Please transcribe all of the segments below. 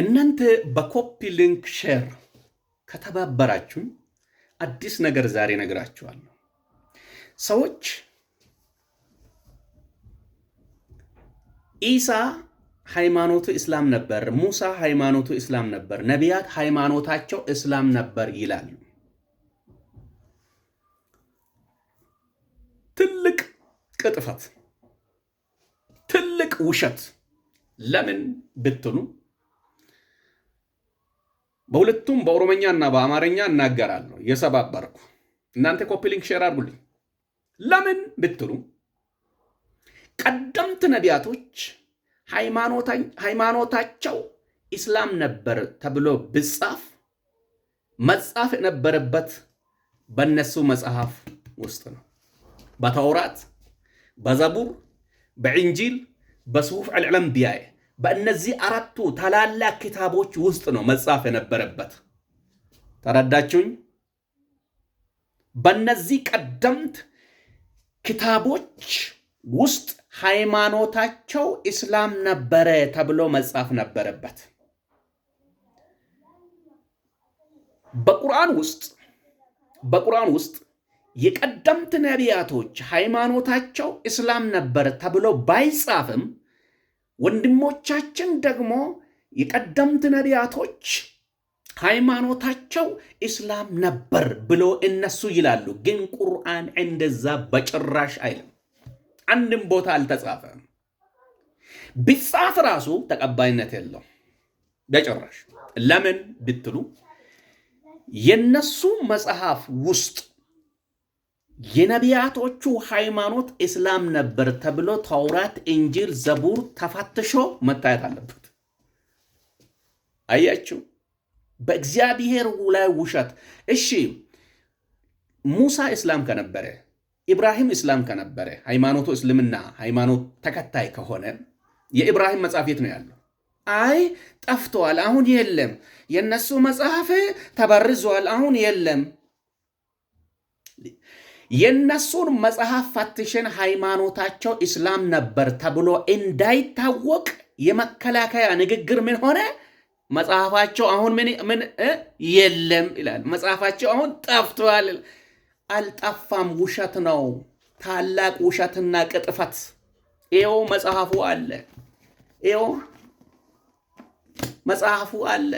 እናንተ በኮፒ ሊንክ ሼር ከተባበራችሁኝ አዲስ ነገር ዛሬ ነግራችኋለሁ። ሰዎች ኢሳ ሃይማኖቱ እስላም ነበር፣ ሙሳ ሃይማኖቱ እስላም ነበር፣ ነቢያት ሃይማኖታቸው እስላም ነበር ይላሉ። ትልቅ ቅጥፈት፣ ትልቅ ውሸት። ለምን ብትሉ በሁለቱም በኦሮመኛ እና በአማርኛ እናገራለሁ እየሰባበርኩ። እናንተ ኮፒ ሊንክ ሼር አድርጉልኝ። ለምን ብትሉ ቀደምት ነቢያቶች ሃይማኖታቸው ኢስላም ነበር ተብሎ ብጻፍ መጻፍ የነበረበት በነሱ መጽሐፍ ውስጥ ነው። በተውራት፣ በዘቡር፣ በኢንጂል፣ በሱሑፍ አልዕለምቢያየ በእነዚህ አራቱ ታላላቅ ኪታቦች ውስጥ ነው መጻፍ የነበረበት። ተረዳችሁኝ? በእነዚህ ቀደምት ኪታቦች ውስጥ ሃይማኖታቸው እስላም ነበረ ተብሎ መጻፍ ነበረበት። በቁርአን ውስጥ በቁርአን ውስጥ የቀደምት ነቢያቶች ሃይማኖታቸው እስላም ነበር ተብሎ ባይጻፍም ወንድሞቻችን ደግሞ የቀደምት ነቢያቶች ሃይማኖታቸው እስላም ነበር ብሎ እነሱ ይላሉ። ግን ቁርአን እንደዛ በጭራሽ አይልም። አንድም ቦታ አልተጻፈም። ቢጻፍ ራሱ ተቀባይነት የለው በጭራሽ። ለምን ብትሉ የነሱ መጽሐፍ ውስጥ የነቢያቶቹ ሃይማኖት እስላም ነበር ተብሎ ተውራት፣ እንጂል፣ ዘቡር ተፈትሾ መታየት አለበት። አያችሁ፣ በእግዚአብሔር ላይ ውሸት። እሺ ሙሳ እስላም ከነበረ ኢብራሂም እስላም ከነበረ ሃይማኖቱ እስልምና ሃይማኖት ተከታይ ከሆነ የኢብራሂም መጽሐፍ የት ነው ያለው? አይ ጠፍተዋል፣ አሁን የለም። የነሱ መጽሐፍ ተበርዟል፣ አሁን የለም። የነሱን መጽሐፍ ፈትሸን ሃይማኖታቸው ኢስላም ነበር ተብሎ እንዳይታወቅ የመከላከያ ንግግር ምን ሆነ? መጽሐፋቸው አሁን ምን የለም ይላል። መጽሐፋቸው አሁን ጠፍቷል። አልጠፋም፣ ውሸት ነው። ታላቅ ውሸትና ቅጥፈት። ይኸው መጽሐፉ አለ፣ ይኸው መጽሐፉ አለ።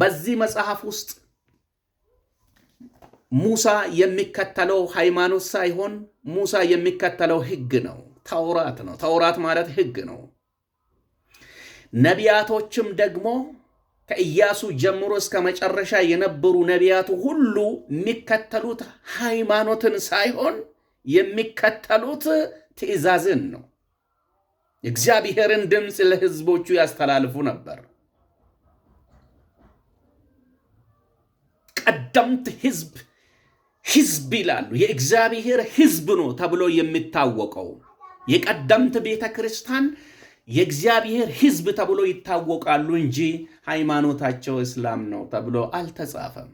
በዚህ መጽሐፍ ውስጥ ሙሳ የሚከተለው ሃይማኖት ሳይሆን ሙሳ የሚከተለው ህግ ነው፣ ተውራት ነው። ተውራት ማለት ህግ ነው። ነቢያቶችም ደግሞ ከኢያሱ ጀምሮ እስከ መጨረሻ የነበሩ ነቢያቱ ሁሉ የሚከተሉት ሃይማኖትን ሳይሆን የሚከተሉት ትእዛዝን ነው። የእግዚአብሔርን ድምፅ ለህዝቦቹ ያስተላልፉ ነበር። ቀደምት ህዝብ ህዝብ ይላሉ። የእግዚአብሔር ህዝብ ነው ተብሎ የሚታወቀው የቀደምት ቤተ ክርስቲያን የእግዚአብሔር ህዝብ ተብሎ ይታወቃሉ እንጂ ሃይማኖታቸው እስላም ነው ተብሎ አልተጻፈም።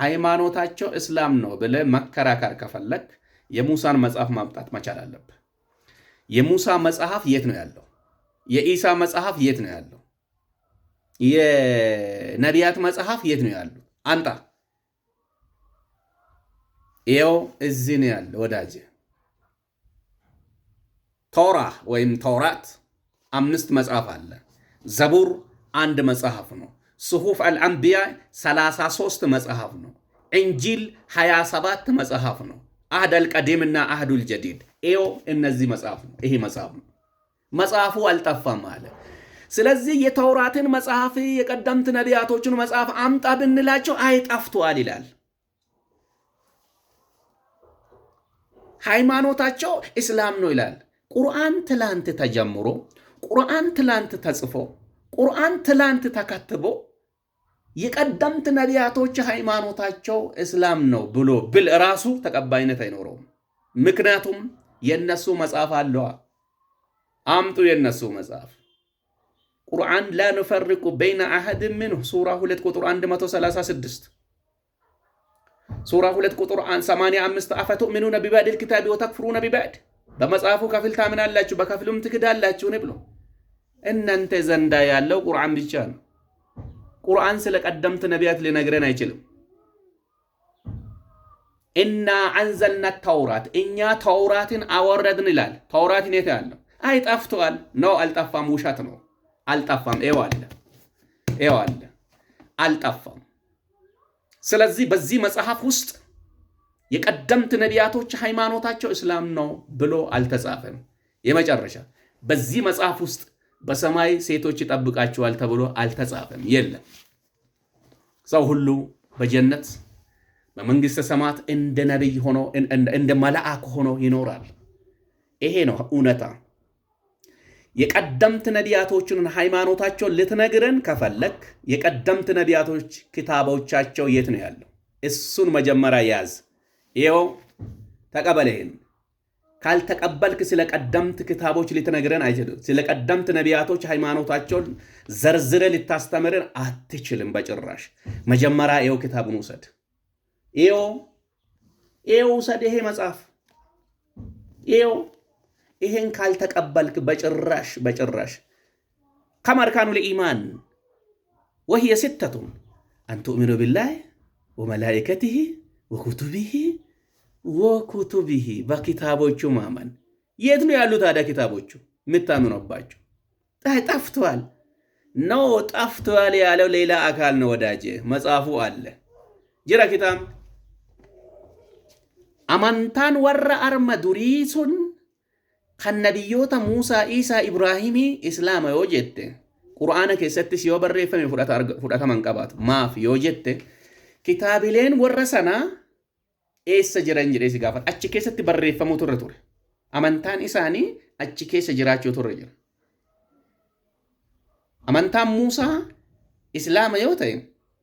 ሃይማኖታቸው እስላም ነው ብለህ መከራከር ከፈለግ የሙሳን መጽሐፍ ማምጣት መቻል አለብህ። የሙሳ መጽሐፍ የት ነው ያለው? የኢሳ መጽሐፍ የት ነው ያለው? የነቢያት መጽሐፍ የት ነው ያለው?? አንጣ ይኸው እዚህ ነው ያለ ወዳጄ። ወይም ተውራት አምስት መጽሐፍ አለ። ዘቡር አንድ መጽሐፍ ነው። ስሑፍ አልአንቢያ 33 መጽሐፍ ነው። እንጂል 27 መጽሐፍ ነው። አህድ አልቀዲም እና አህዱል ጀዲድ ይኸው እነዚህ መጽሐፍ ነው። ይሄ መጽሐፍ ነው። መጽሐፉ አልጠፋም አለ። ስለዚህ የተውራትን መጽሐፍ የቀደምት ነቢያቶችን መጽሐፍ አምጣ ብንላቸው አይጠፍቷል ይላል። ሃይማኖታቸው እስላም ነው ይላል። ቁርአን ትላንት ተጀምሮ፣ ቁርአን ትላንት ተጽፎ፣ ቁርአን ትላንት ተከትቦ የቀደምት ነቢያቶች ሃይማኖታቸው እስላም ነው ብሎ ብል ራሱ ተቀባይነት አይኖረውም። ምክንያቱም የእነሱ መጽሐፍ አለዋ። አምጡ የእነሱ መጽሐፍ ቁርአን ላ ኑፈርቁ በይነ አህድ ምን ሱራ 2 ቁጥር 136 ሱራ ሁለት ቁጥር 85 አፈቱእሚኑነ ቢባዕድ ልኪታቢ ወተክፍሩነ ቢባዕድ በመጽሐፉ ከፊል ታምናላችሁ በከፊሉም ትክዳላችሁን ብሎ እናንተ ዘንዳ ያለው ቁርአን ብቻ ነው። ቁርአን ስለ ቀደምት ነቢያት ሊነግረን አይችልም። እና አንዘልና ተውራት እኛ ተውራትን አወረድን ይላል። ተውራትን የት ያለው አይ ጠፍተዋል ነው አልጠፋም። ውሸት ነው አልጠፋም። ይኸው አለ ይኸው አለ አልጠፋም ስለዚህ በዚህ መጽሐፍ ውስጥ የቀደምት ነቢያቶች ሃይማኖታቸው እስላም ነው ብሎ አልተጻፈም። የመጨረሻ በዚህ መጽሐፍ ውስጥ በሰማይ ሴቶች ይጠብቃቸዋል ተብሎ አልተጻፈም። የለም ሰው ሁሉ በጀነት በመንግሥተ ሰማት እንደ ነቢይ ሆኖ እንደ መልአክ ሆኖ ይኖራል። ይሄ ነው እውነታ። የቀደምት ነቢያቶችን ሃይማኖታቸውን ልትነግረን ከፈለክ የቀደምት ነቢያቶች ክታቦቻቸው የት ነው ያለው? እሱን መጀመሪያ ያዝ። ይኸው ተቀበለህን። ካልተቀበልክ ስለ ቀደምት ክታቦች ልትነግረን አይችል፣ ስለ ቀደምት ነቢያቶች ሃይማኖታቸውን ዘርዝረ ልታስተምርን አትችልም በጭራሽ። መጀመሪያ ይኸው ክታቡን ውሰድ። ይኸው ይኸው ውሰድ። ይሄ መጽሐፍ ይኸው ይሄን ካልተቀበልክ በጭራሽ በጭራሽ ከማ አርካኑ ልኢማን ወህየ ሲተቱን አን ቱእሚኑ ቢላህ ወመላኢከትህ ወኩቱብህ ወኩቱብህ በኪታቦቹ ማመን። የት ነው ያሉ ታዲያ ኪታቦቹ የምታምኖባቸው? ጠፍቷል ነው ጠፍቷል ያለው ሌላ አካል ነው ወዳጅ መጽሐፉ አለ ጅራ ኪታም አማንታን ወራ አርመ ዱሪሱን kan nabiyyoota Muusaa, Isaa Ibraahimii Islaama yoo jette Qura'aana keessattis yoo barreeffame fudhataman qabaatu. Maaf yoo jette kitaabileen warra sanaa eessa jiran jedhee si gaafata. Achi keessatti barreeffamuu turre ture. Amantaan isaanii achi keessa jiraachuu turre jira. Amantaan Muusaa Islaama yoo ta'e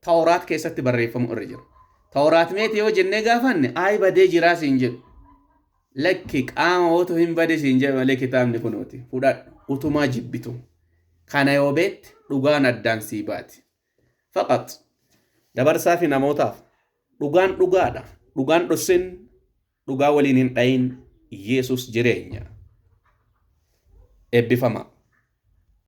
Tawraat keessatti barreeffamu irra jira. Tawraat meetii yoo jennee gaafanne ayi badee jiraa siin jedhu. Lakki qaama otoo hin badisiin jedhe malee kitaabni kunuuti. Fudhadhu utumaa jibbitu. Kana yoo beette dhugaan addaan sii baati. Faqat dabarsaa fi namootaaf dhugaan dhugaadha. Dhugaan dhussin dhugaa waliin hin Yesus jireenya. Eebbifama.